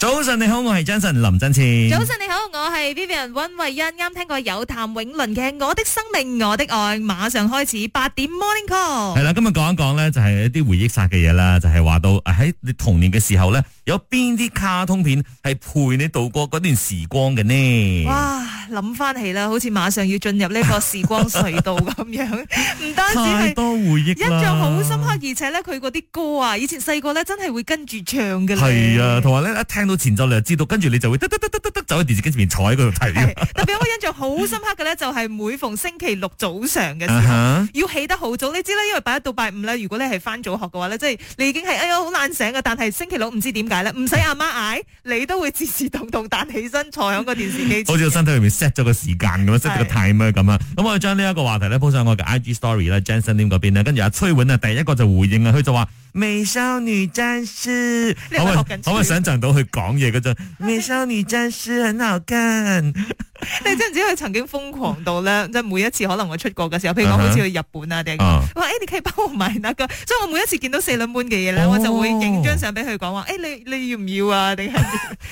早晨你好，我係張振林振詞。早晨你好，我係 Vivian 温慧欣。啱聽過有譚詠麟嘅《我的生命我的愛》，馬上開始八點 Morning Call。係啦，今日講一講咧，就係、是、一啲回憶殺嘅嘢啦，就係、是、話到喺你童年嘅時候咧，有邊啲卡通片係陪你度過嗰段時光嘅呢？哇諗翻起啦，好似馬上要進入呢個時光隧道咁樣，唔 單止係，多回憶印象好深刻，而且咧佢嗰啲歌啊，以前細個咧真係會跟住唱嘅。係啊，同埋咧一聽到前奏你就知道，跟住你就會得得得得得走喺電視機前面坐喺嗰度睇嘅。特別我印象好深刻嘅咧，就係每逢星期六早上嘅時候，uh huh。要起得好早。你知啦，因為拜一到拜五咧，如果你係翻早學嘅話咧，即係你已經係哎呀好難醒啊。但係星期六唔知點解咧，唔使阿媽嗌，你都會自自動動彈起身坐響個電視機。好似身體入面。set 咗個時間咁啊，set 咗個 time 啊咁啊，咁的我哋將呢一個話題咧鋪上我嘅 IG story 啦，Jensen 呢邊咧，跟住阿崔允啊，第一個就回應啊，佢就話。美少女戰士，你好啊好啊，想象到佢講嘢嗰陣，美少女戰士很好看。 你知唔知佢曾經瘋狂到咧，即係每一次可能我出國嘅時候，譬如講好似去日本啊，定係誒你可以幫我買那個，所以我每一次見到四輪半嘅嘢咧，oh. 我就會影張相俾佢講話，誒、欸、你你要唔要啊？定係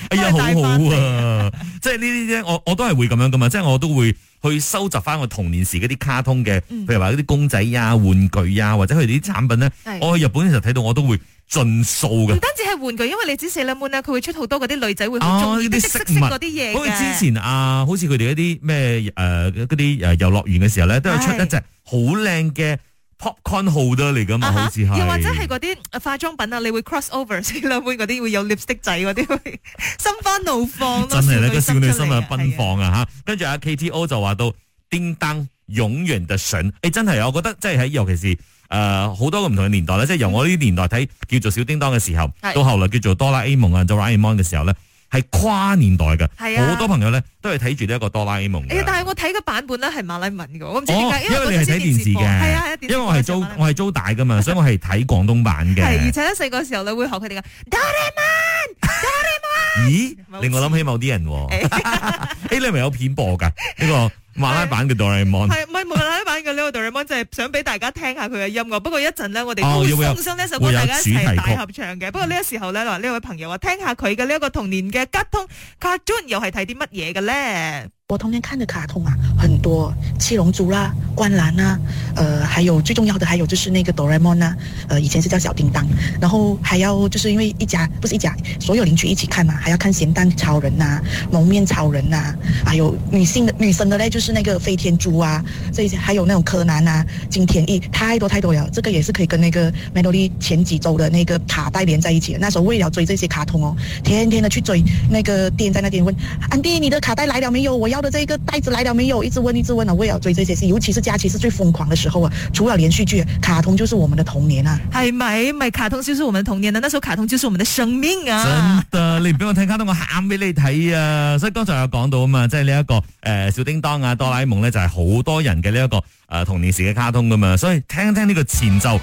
哎呀好、啊、好啊，即係呢啲咧，我我，我都係會咁樣噶嘛，即、就、係、是、我都會去收集翻我童年時嗰啲卡通嘅，嗯、譬如話嗰啲公仔呀、玩具呀，或者佢哋啲產品咧。是我去日本嘅時候睇到我都會盡數嘅。唔單止係玩具，因為你知四粒門咧，佢會出好多嗰啲女仔會好中意啲色色嗰啲嘢。因為之前啊，好似佢哋一啲咩誒嗰啲誒遊樂園嘅時候咧，都有出一隻好靚嘅。popcorn、uh huh，好得嚟噶嘛，好似吓，又或者係嗰啲化妝品啊，你會 cross over 小兩妹嗰啲會有 lipstick 仔嗰啲，心花怒放。真係咧，個少女心啊，奔放啊嚇！跟住阿 K T O 就話到，叮當永遠的神。誒、欸、真係，我覺得即係喺尤其是誒好、呃、多個唔同嘅年代咧，即係由我呢啲年代睇叫做小叮當嘅時候，的到後來叫做哆啦 A 夢啊，Doraemon 嘅時候咧。係跨年代嘅，好、啊、多朋友咧都係睇住呢一個哆啦 A 夢。誒、欸，但係我睇嘅版本咧係馬來文嘅，我唔知點解，哦，因為你個係睇電視嘅，係啊，因為係租我係租大嘅嘛，所以我係睇廣東版嘅。係而且咧細個時候你會學佢哋嘅哆啦 A 夢，哆啦 A 夢。咦？ 令我諗起某啲人，誒、 欸，呢個係咪有片播嘅呢，呢個？馬拉版嘅多啦 A 夢，係唔係馬拉版嘅呢個多啦 A 夢？就係想俾大家聽下佢嘅音樂。不過一陣咧，我哋會重心呢首歌，大家一齊大合唱嘅。哦、不過呢個時候咧，話呢位朋友話聽下佢嘅呢一個童年嘅吉通卡頓，又係睇啲乜嘢嘅咧？我童年看的卡通啊，很多七龍珠啦、啊、灌籃啊，呃，還有最重要的，還有就是那個哆啦 A 夢啊，呃，以前是叫小叮當，然後還要就是因為一家不是一家，所有鄰居一起看嘛、啊，還要看咸蛋超人呐、啊、蒙面超人呐、啊，還有女性的女生的嘞，就是那個飛天豬啊，這些還有那種柯南呐、啊、金田一，太多太多了，這個也是可以跟那個 Melody 前幾周的那個卡帶連在一起的，那時候為了追這些卡通哦，天天的去追，那個店在那邊問，安迪，你的卡帶來了沒有？我要。這個袋子來了沒有？一直問，一直問啊！我要追這些戲，尤其是假期是最瘋狂的時候啊！除了連續劇，卡通就是我們的童年啊！係咪？咪卡通就是我們的童年？的那時候，卡通就是我們的生命啊！真的，你唔俾我睇卡通， 我喊俾你睇啊！所以剛才有講到啊嘛，即係呢一個誒、呃、小叮當啊，哆啦 A 夢咧就係、是、好多人嘅，呢一個誒、呃、童年時嘅卡通噶嘛，所以聽聽呢個前奏。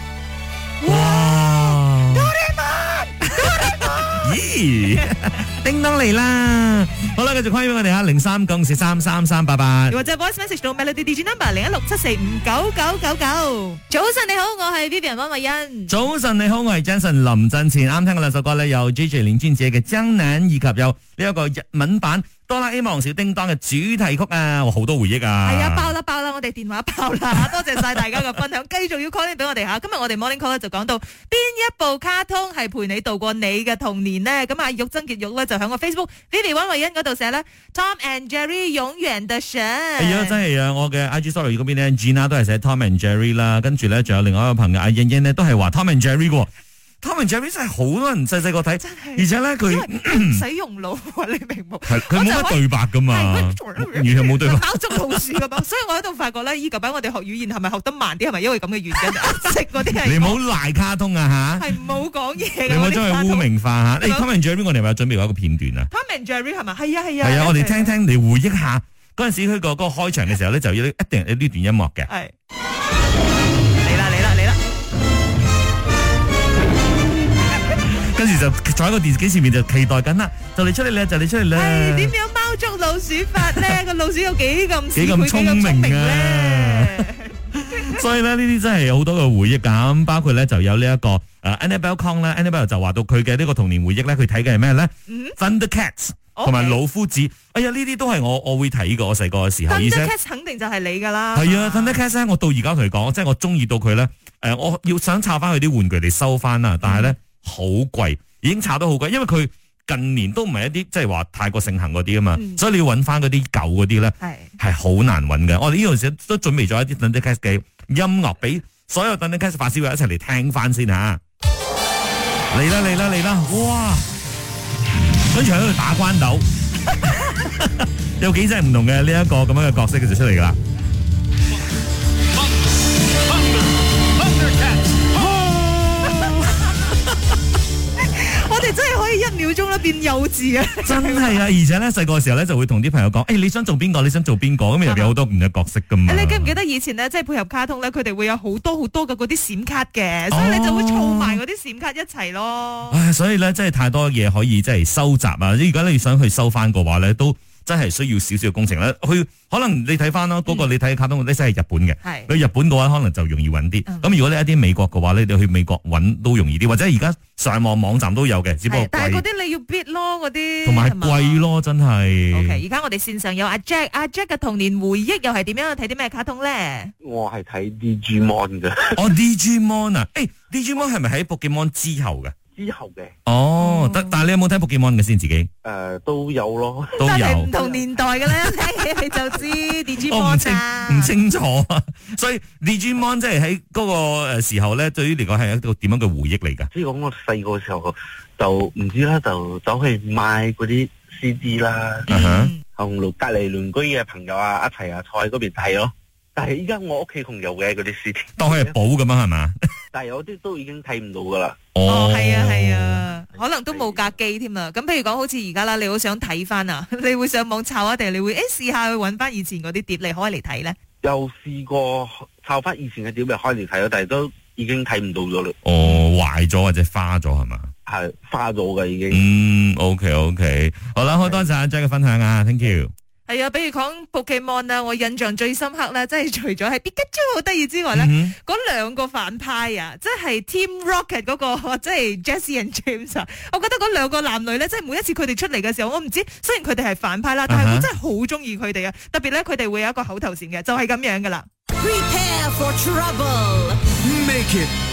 哇哇 叮當嚟啦，好啦，繼續歡迎我哋哈，零三共四三三三八八，或者 voice message 到 melody DJ number 零一六七四五九九九九。早晨你好，我係 Vivian 温慧欣。早晨你好，我係 Jason 林振前。啱聽嘅兩首歌咧，有 J J 林俊傑嘅《江南》以及有呢一個日文版《哆啦 A 夢小叮當》嘅主題曲啊，好多回憶啊。係啊、哎，爆啦爆啦。我哋電話爆啦， 多謝晒大家嘅分享，繼續要 call 俾我哋吓。今日我哋 morning call 咧就講到邊一部卡通係陪你度過你嘅童年呢？咁啊，玉珍杰玉咧就喺我 Facebook Vivian 黃慧欣嗰度寫咧，Tom and Jerry 永遠的神。係啊、哎，真係啊，我嘅 IG story 嗰邊咧，Gina 都係寫 Tom and Jerry 啦。跟住咧，仲有另外一個朋友阿英英呢，彥彥彥都係話 Tom and Jerry 噶。Tom and Jerry 真係好多人細細個睇，而且咧佢唔使用腦，你明唔明？佢冇乜對白噶嘛，完全冇對白。搞捉老鼠㗎嘛，所以我喺度發覺咧，依舊畀我哋學語言係咪學得慢啲？係咪因為咁嘅原因？識啲係你唔好賴卡通啊吓，係唔好講嘢。你唔好再污名化嚇。誒，Tom and Jerry 我哋咪有準備有一個片段啊。Tom and Jerry 係嘛？係啊係啊。係啊，我哋聽聽你回憶下嗰陣時，佢個嗰個開場嘅時候咧，就要一定誒呢段音樂嘅。係。跟住就坐喺個電視機前面就期待緊啦！就你出嚟咧，就你出嚟咧。點、哎、樣貓捉老鼠法咧？個老鼠有幾咁幾咁聰明啊！明啊 所以咧，呢啲真係有好多嘅回憶噶，包括咧就有呢一個誒，Annabelle Kong 咧 ，Annabelle 就話到佢嘅呢個童年回憶咧，佢睇嘅係咩咧？Thunder Cats 同埋老夫子，Okay. 哎呀呢啲都係我我會睇嘅，我細個嘅時候。Thunder Cats 思肯定就係你噶啦，係啊 Thunder Cats 咧，我到而家同你講，即係我中意到佢咧。誒，我要想插翻佢啲玩具嚟收翻啊！但係是咧。嗯好貴，已經炒得好貴，因為佢近年都唔係一啲即係話太過盛行嗰啲啊嘛，嗯、所以你要揾翻嗰啲舊嗰啲咧，係係好難揾嘅。我哋呢度先都準備咗一啲鄧紫棋嘅音樂俾所有鄧紫棋發燒友一齊嚟聽翻先吓。嚟 啦嚟啦嚟啦，哇！好似喺度打關斗， 有幾隻唔同嘅呢一個咁樣嘅角色嘅就出嚟啦。你真係可以一秒鐘都變幼稚啊！ 真係啊，而且咧細個嘅時候咧就會同啲朋友講，誒、欸，你想做邊個？你想做邊個？咁入邊好多唔同嘅角色㗎嘛。你記唔記得以前咧，即係配合卡通咧，佢哋會有好多好多嘅嗰啲閃卡嘅，哦、所以你就會儲埋嗰啲閃卡一齊咯。唉，所以咧真係太多嘢可以即係收集啊！如果你想去收翻嘅話咧都。真係需要少少工程啦，佢可能你睇翻啦，嗰、嗯、個你睇卡通，呢真係日本嘅。係是，佢日本嘅話可能就容易揾啲。咁、嗯、如果你一啲美國嘅話咧，你去美國揾都容易啲。或者而家上網網站都有嘅，只不過但係嗰啲你要 bid 咯，嗰啲同埋貴咯，吧真係的。O K，而家我哋線上有阿 Jack，阿 Jack 嘅童年回憶又係點樣？睇啲咩卡通咧？我係睇 Digimon 嘅。哦，Digimon 啊，誒，Digimon 係咪喺《Pokemon 之後嘅？之後嘅。哦，得，但係你有冇聽 Pokemon 嘅先自己？誒，都有咯，都有唔同年代嘅咧，睇起你就知。電子我唔清唔清楚，所以 Digimon 即係喺嗰個誒時候咧，對於你嚟講係一個點樣嘅回憶嚟噶。所以講我細個時候就唔知啦，就走去買嗰啲 CD 啦，同路隔籬鄰居嘅朋友啊一齊啊坐喺嗰邊睇咯。但係依家我屋企仲有嘅嗰啲書，當佢係寶咁樣，係嘛？但係有啲都已經睇唔到噶啦。哦，係啊，係啊，可能都冇格機添啊。咁譬如講好似而家啦，你好想睇翻啊？你會上網抄啊，定係你會誒，誒試下去搵翻以前嗰啲碟嚟開嚟睇咧？又試過抄翻以前嘅碟咪開嚟睇咯，但係都已經睇唔到咗啦。哦，oh，壞咗或者花咗係嘛？係花咗㗎已經。嗯，OK OK，好啦，好多謝阿 Jack 嘅分享啊，Thank you。係啊、哎，比如講《Pokemon》啊，我印象最深刻咧，即係除咗係比卡超好得意之外咧，嗰兩、mm hmm. 個反派啊，即係 Team Rocket 嗰、那個，即係 Jesse and James，我覺得嗰兩個男女咧，即係每一次佢哋出嚟嘅時候，我唔知雖然佢哋係反派啦，但係我真係好中意佢哋啊！特別咧，佢哋會有一個口頭禪嘅，就係、是、咁樣噶啦。for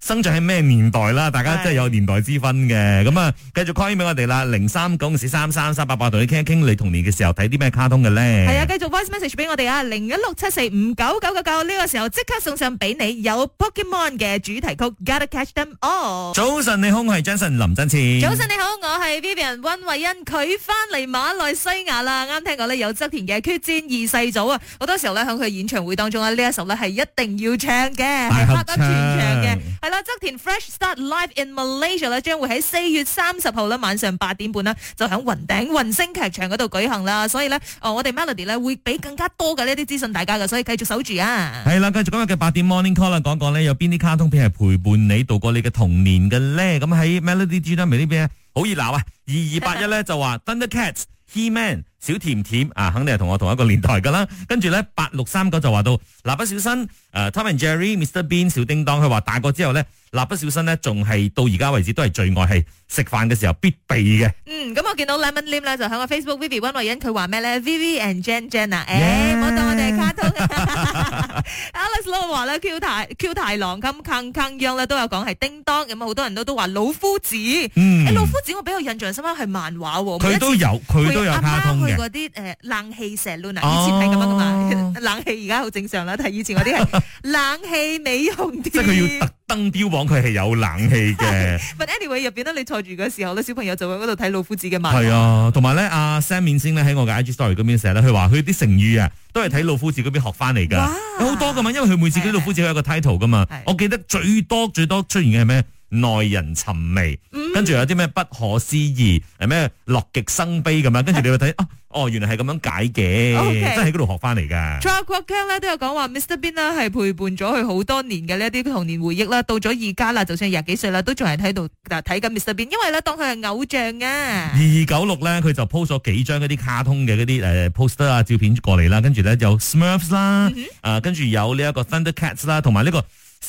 生長喺咩年代啦？大家真係有年代之分嘅。咁是的 啊，繼續 call 翻俾我哋啦，零三九四三三三八八，同你傾一傾你童年嘅時候睇啲咩卡通嘅咧。係啊、嗯，繼、嗯、續 voice message 俾我哋啊，零一六七四五九九九九，呢個時候即刻送上俾你有 Pokemon 嘅主題曲 Gotta Catch Them All。早晨你,你好，我係 Johnson 林振志。早晨你好，我係 Vivian 温慧欣，佢翻嚟馬來西亞啦。啱聽講咧有側田嘅決戰二世祖啊，好多時候咧喺佢演唱會當中啊，呢一首咧係一定要唱嘅，係發得全唱嘅。啦，側田、嗯、Fresh Start Life in Malaysia 咧，將會喺四月三十號咧晚上八點半咧，就喺雲頂雲星劇場嗰度舉行啦。所以咧，哦，我哋 Melody 咧會俾更加多嘅呢啲資訊大家噶，所以繼續守住啊。係啦，繼續今日嘅八點 Morning Call 啦，講講咧有邊啲卡通片係陪伴你度過你嘅童年嘅咧？咁喺 Melody j t h 呢邊。好熱鬧啊！二二八一咧就話 Thundercats、 Thunder Cat, He Man、小甜甜啊，肯定係同我同一個年代噶啦。跟住咧八六三九就話到，嗱、啊、蠟筆小新誒、uh, Tom and Jerry、Mr. Bean、小叮噹，佢話大個之後咧。蠟筆小新呢，仲係到而家為止都係最愛，係食飯嘅時候必備嘅。嗯，咁我見到 Lemon Lim 咧就喺我 Facebook Vivy 温慧欣佢話咩咧？Vivy and Jen Jen 啊 Yeah.、欸，誒，唔好當我哋係卡通。 Alex Low 話咧 Q, Q 太 Q 太郎咁鏗鏗鏘咧都有講係叮噹，咁好多人都都話老夫子、嗯欸。老夫子我比較印象深刻係漫畫。佢都有佢都，都有卡通嘅。阿嗰啲誒冷氣石 luna，以前係咁樣噶嘛？冷氣而家好正常啦，但係以前嗰啲係冷氣美容啲。 燈標榜佢係有冷氣嘅，但係 anyway 入邊咧，你坐住嘅時候咧，小朋友就喺度睇《老夫子漫漫》嘅漫畫。係啊，同埋咧，阿 Samian 先咧喺我嘅 IG story 嗰邊寫咧，佢話佢啲成語啊，都係睇《老夫子邊》嗰邊學翻嚟噶，有好多噶嘛，因為佢每次《老夫子》有一個 title 噶嘛，的我記得最多最多出現嘅係咩，耐人尋味。嗯跟住、嗯、有啲咩不可思議，係咩樂極生悲咁樣？跟住你會睇、 啊，哦，原來係咁樣解嘅，Okay. 真係喺度學翻嚟噶。George King 咧都有講話，Mr Bean 咧係陪伴咗佢好多年嘅呢啲童年回憶啦。到咗而家啦，就算廿幾歲啦，都仲係喺度睇緊 Mr Bean，因為咧當佢係偶像啊。二二九六咧，佢就 po 咗幾張嗰啲卡通嘅嗰啲誒 poster 啊照片過嚟啦，跟住咧有 Smurfs 啦、嗯哼，啊跟住有呢一個 Thundercats 啦，同、這、埋呢個。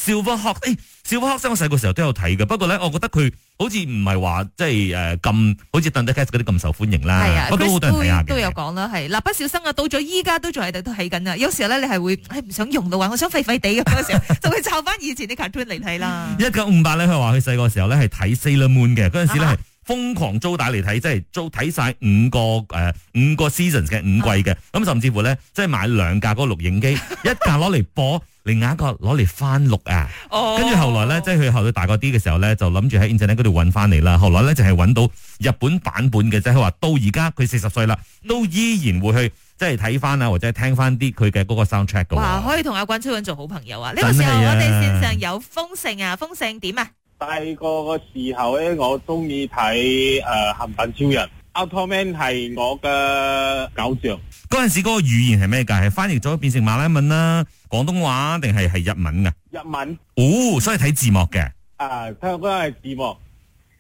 小科學，誒、欸，小科學生我細個時候都有睇嘅，不過咧，我覺得佢好似唔係話即係誒咁，好似《鄧德克嗰啲咁受歡迎啦。係啊，都好多人都有講啦，係蠟、啊，筆小新啊，到咗依家，都仲喺度睇緊啊。有時候咧，你係會誒唔想用到話，我想廢廢地咁，有 時候就會就翻以前啲 cartoon 嚟睇啦。一九五八咧，佢話佢細個時候咧係睇《四 a l 嘅，嗰陣時咧瘋狂租帶嚟睇，即係租睇晒五個誒、呃、五個 seasons 嘅五季嘅，咁甚至乎咧，即係買兩架嗰個錄影機， 一架攞嚟播，另外一個攞嚟翻錄啊！哦，跟住後來咧，即係佢後尾大個啲嘅時候咧，就諗住喺 internet 嗰度搵翻嚟啦。後來咧就係搵到日本版本嘅啫。佢話到而家佢四十歲啦，都依然會去即係睇翻啊，或者聽翻啲佢嘅嗰個 soundtrack 嘅、啊。哇，可以同阿關秋允做好朋友啊！呢的個時候我哋線上有豐盛啊，豐盛點啊？大個嘅時候咧，我中意睇誒《鹹蛋超人》，Ultraman 係我嘅偶像。嗰陣時嗰個語言係咩噶？係翻譯咗變成馬拉文啦，廣東話定係係日文噶？日文哦，所以睇字幕嘅。誒，睇嗰係字幕，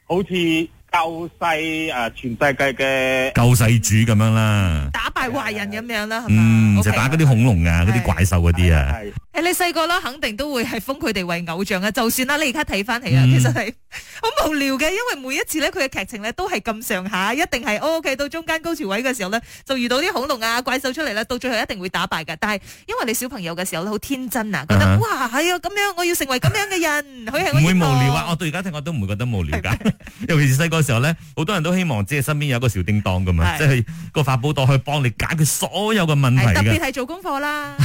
好似救世誒，全世界嘅救世主咁樣啦，打敗壞人咁樣啦。嗯，就打嗰啲恐龍啊，嗰啲怪獸嗰啲啊。你細個啦，肯定都會係封佢哋為偶像啊。就算啦，你而家睇翻起啊，嗯、其實係好無聊嘅，因為每一次咧，佢嘅劇情咧都係咁上下，一定係 O K。哦、okay, 到中間高潮位嘅時候咧，就遇到啲恐龍啊、怪獸出嚟啦，到最後一定會打敗嘅。但係因為你小朋友嘅時候咧，好天真啊，覺得、uh huh. 哇，係、哎、啊，咁樣我要成為咁樣嘅人去。唔 會無聊啊！我到而家聽我都唔會覺得無聊嘅。是是 尤其是細個嘅時候咧，好多人都希望即係身邊有一個小叮當咁嘛，即係的 個法寶袋去幫你解決所有嘅問題，特別係做功課啦，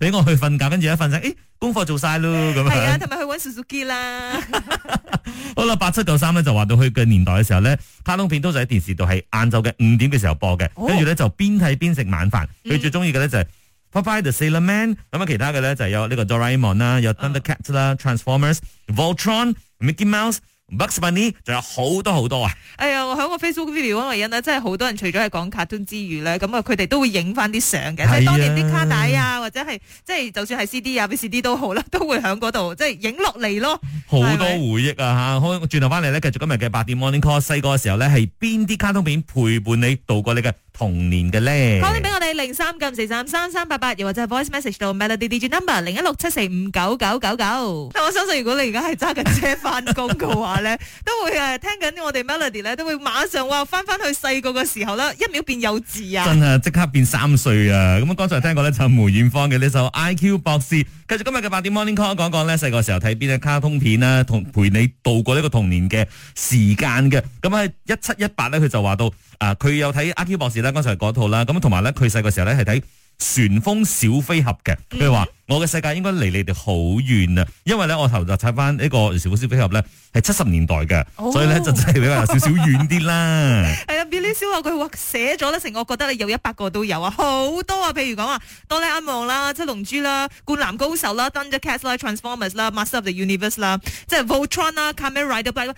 俾我去。瞓覺，跟住一瞓醒，誒、欸、功課做晒咯，咁樣。係啊、哎，同埋去揾數數機啦。 好啦，八七九三咧就話到去嘅年代嘅時候咧，卡通片都就喺電視度係晏晝嘅五點嘅時候播嘅，跟住咧就邊睇邊食晚飯。佢、嗯、最中意嘅咧就係《Popeye the Sailor Man》，咁啊其他嘅咧就係有呢個、哦《Doraemon》啦，有《Thundercats》啦，《Transformers》、《Voltron》、《Mickey Mouse》。Bugs Bunny 仲有好多好多啊！哎呀，我喺個 Facebook video 溫偉欣咧，真係好多人除咗係講卡通之餘咧，咁啊佢哋都會影翻啲相嘅，啊、即係當年啲卡帶啊，或者係即係就算係 C D 啊，V C D 都好啦，都會喺嗰度即係影落嚟咯。好多回憶啊！吓，好，轉頭翻嚟咧，繼續今日嘅八點 morning call。細個嘅時候咧，係邊啲卡通片陪伴你度過你嘅？童年嘅咧可 a l 俾我哋零三九四三三三八八，8，又或者係 voice message 到 Melody number 零一六七四五九九九九。但我相信如果你而家係揸緊車翻工嘅話咧， 都會誒聽緊我哋 Melody 咧，都會馬上哇翻翻去細個嘅時候咧，一秒變幼稚啊！真係即刻變三歲啊！咁啊，剛才聽講咧就梅艷芳嘅呢首 I Q 博士。繼續今日嘅八點 Morning Call，講講咧細個時候睇邊啲卡通片啦，同陪你度過呢個童年嘅時間嘅。咁喺一七一八咧，佢就話到。啊！佢有睇阿 Q 博士啦，剛才嗰套啦，咁同埋咧佢細個時候咧係睇旋風小飛俠嘅，譬如話，嗯我嘅世界應該離你哋好遠啊，因為咧我頭就睇返呢個《小虎小飛俠》咧，係七十年代嘅，所以咧就真係比較少少遠啲啦。係啊， 《Billy 小學》佢寫咗得成，我覺得你有一百個都有啊，好多啊。譬如講啊，《哆啦 A 夢》啦，《七龍珠》啦，《灌籃高手》啦，《登咗 Castle Transformers》啦，《Master of the Universe》啦，即係 Voltron 啦，《Kamen Rider》啦，呢啲咧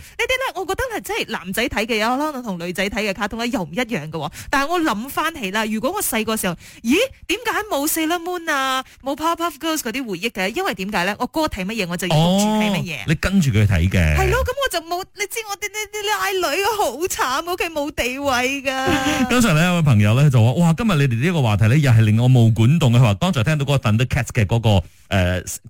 我覺得係真係男仔睇嘅，有可能同女仔睇嘅卡通咧又唔一樣嘅，啊。但係我諗翻起啦，如果我細個時候，咦點解冇《Sailor Moon》啊，冇《Powerpuff girls 嗰啲回憶嘅，因為點解咧？我哥睇乜嘢，我就要跟住睇乜嘢。你跟住佢睇嘅。係咯，咁我就冇。你知我啲啲啲啲女嘅好慘，屋企冇地位噶。剛才 呢有位朋友咧就話，哇，今日你哋呢個話題咧，又係令我毛管動嘅。佢話剛才聽到嗰個 Thundercats 嘅嗰個誒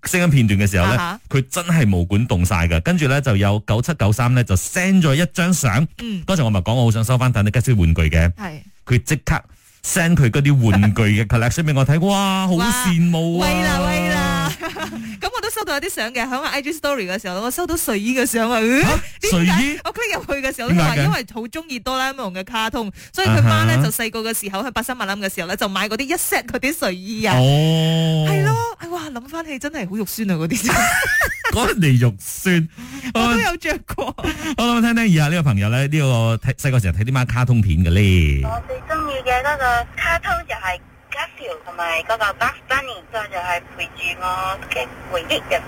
聲、呃、音片段嘅時候咧，佢、uh huh. 真係毛管動晒嘅。跟住咧就有九七九三咧就 send 咗一張相。嗯。剛才我咪講，我好想收翻 Thundercats 玩具嘅。係的。佢即是刻。send 佢嗰啲玩具嘅 collection 俾我睇，哇，好羨慕啊！喂啦喂啦，咁。收到有啲相嘅喺我 IG Story 嘅時候，我收到睡衣嘅相啊！睡、哎、蛤何衣，我 click 入去嘅時候咧，話何因為好中意哆啦 A 夢嘅卡通，所以佢媽咧就細個嘅時候喺八三八林嘅時候咧，就買嗰啲一 set 嗰啲睡衣啊，係、oh. 咯，哇諗翻起真係好肉酸啊嗰啲，講嚟 肉酸， 我都有着過， 好啦，我聽聽以下呢個朋友咧呢、這個睇細個時候睇啲乜卡通片嘅咧，我最中意嘅嗰個卡通就係、是。卡條同埋嗰個 Bugs Bunny，就係陪住我嘅回憶嘅。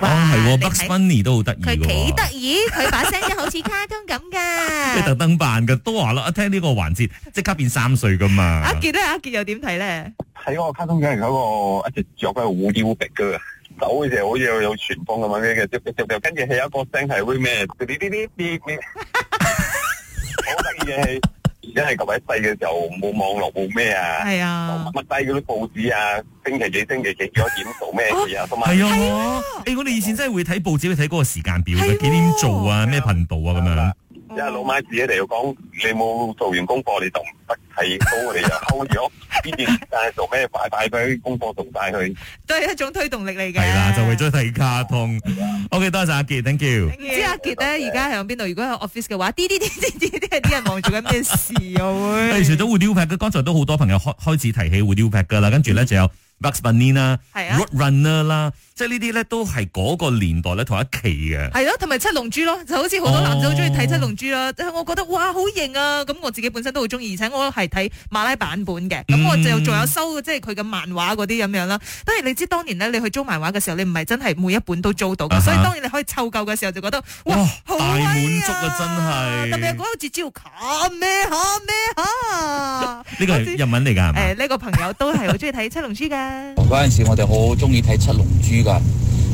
哇，係，Bugs Bunny 都好得意嘅。佢幾得意？佢把聲音好似卡通咁噶。特登扮嘅，都話啦，一聽呢個環節，即刻變三歲噶嘛。阿杰咧，阿杰又點睇咧？睇我卡通梗係嗰個一隻腳係烏溜鼻嘅，手好似又好似有有旋風咁樣嘅，跟住係一個聲係咩咩？嗰啲啲啲，好得意嘅。一係咁喺細嘅時候冇網絡冇咩啊，係啊，乜低嗰啲報紙啊，星期幾星期幾幾多點做咩嘢啊，同埋，係啊，誒，我哋以前真係會睇報紙，會睇嗰個時間表嘅，啊、幾點做啊，咩頻道啊咁、啊、樣。啊一係老媽自己嚟，要講你冇做完功課，你就唔得睇書，你 h 又 hold 住，呢段時間但係做咩？快快快，功課做曬佢，都係一種推動力嚟嘅。係啦，就為咗睇卡通。OK，多謝阿杰 Thank you。唔知阿杰咧，而家喺邊度？如果有 office 嘅話，啲啲啲啲啲啲啲人忙做緊咩事啊？會。誒，除咗 w h i d e w a c h 剛才都好多朋友開開始提起 w h i d e w a c h 㗎啦，跟住咧就有 Bugs Bunny 啦 Road Runner 啦。即係呢啲咧，都係嗰個年代咧，同一期嘅。係咯、啊，同埋七龍珠咯，就好似好多男仔好中意睇七龍珠啦、啊。哦、但係我覺得哇，好型啊！咁我自己本身都好中意，而且我係睇馬拉版本嘅。咁、嗯、我就仲有收即係佢嘅漫畫嗰啲咁樣啦。當然你知當年咧，你去租漫畫嘅時候，你唔係真係每一本都租到，啊、哈所以當然你可以湊夠嘅時候就覺得哇，好哇、啊、大滿足啊！真係。特別嗰個字招卡咩卡咩吓？呢個係日文嚟噶。誒，呢、 呃、這個朋友都係好中意睇七龍珠嘅。嗰陣時我哋好中意睇七龍珠。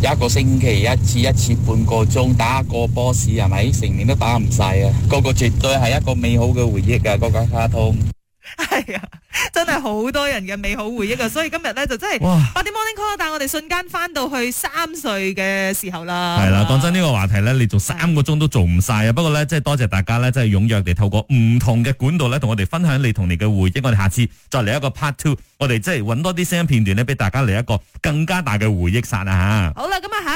一個星期一次，一次半個鐘打個 boss 係咪？成年都打唔晒啊！個個絕對係一個美好嘅回憶啊！個個卡通。係啊，真係好多人嘅美好回憶啊！ 所以今日咧就真係哇，八點 morning call，但我哋瞬間翻到去三歲嘅時候啦。係啦、啊，講、啊、真呢、呢個話題咧，你做三個鐘都做唔晒啊！不過咧，即係多謝大家咧，即係踴躍地透過唔同嘅管道咧，同我哋分享你同你嘅回憶。我哋下次再嚟一個 part two，我哋即係揾多啲聲音片段咧，俾大家嚟一個更加大嘅回憶殺啊！吓，好啦。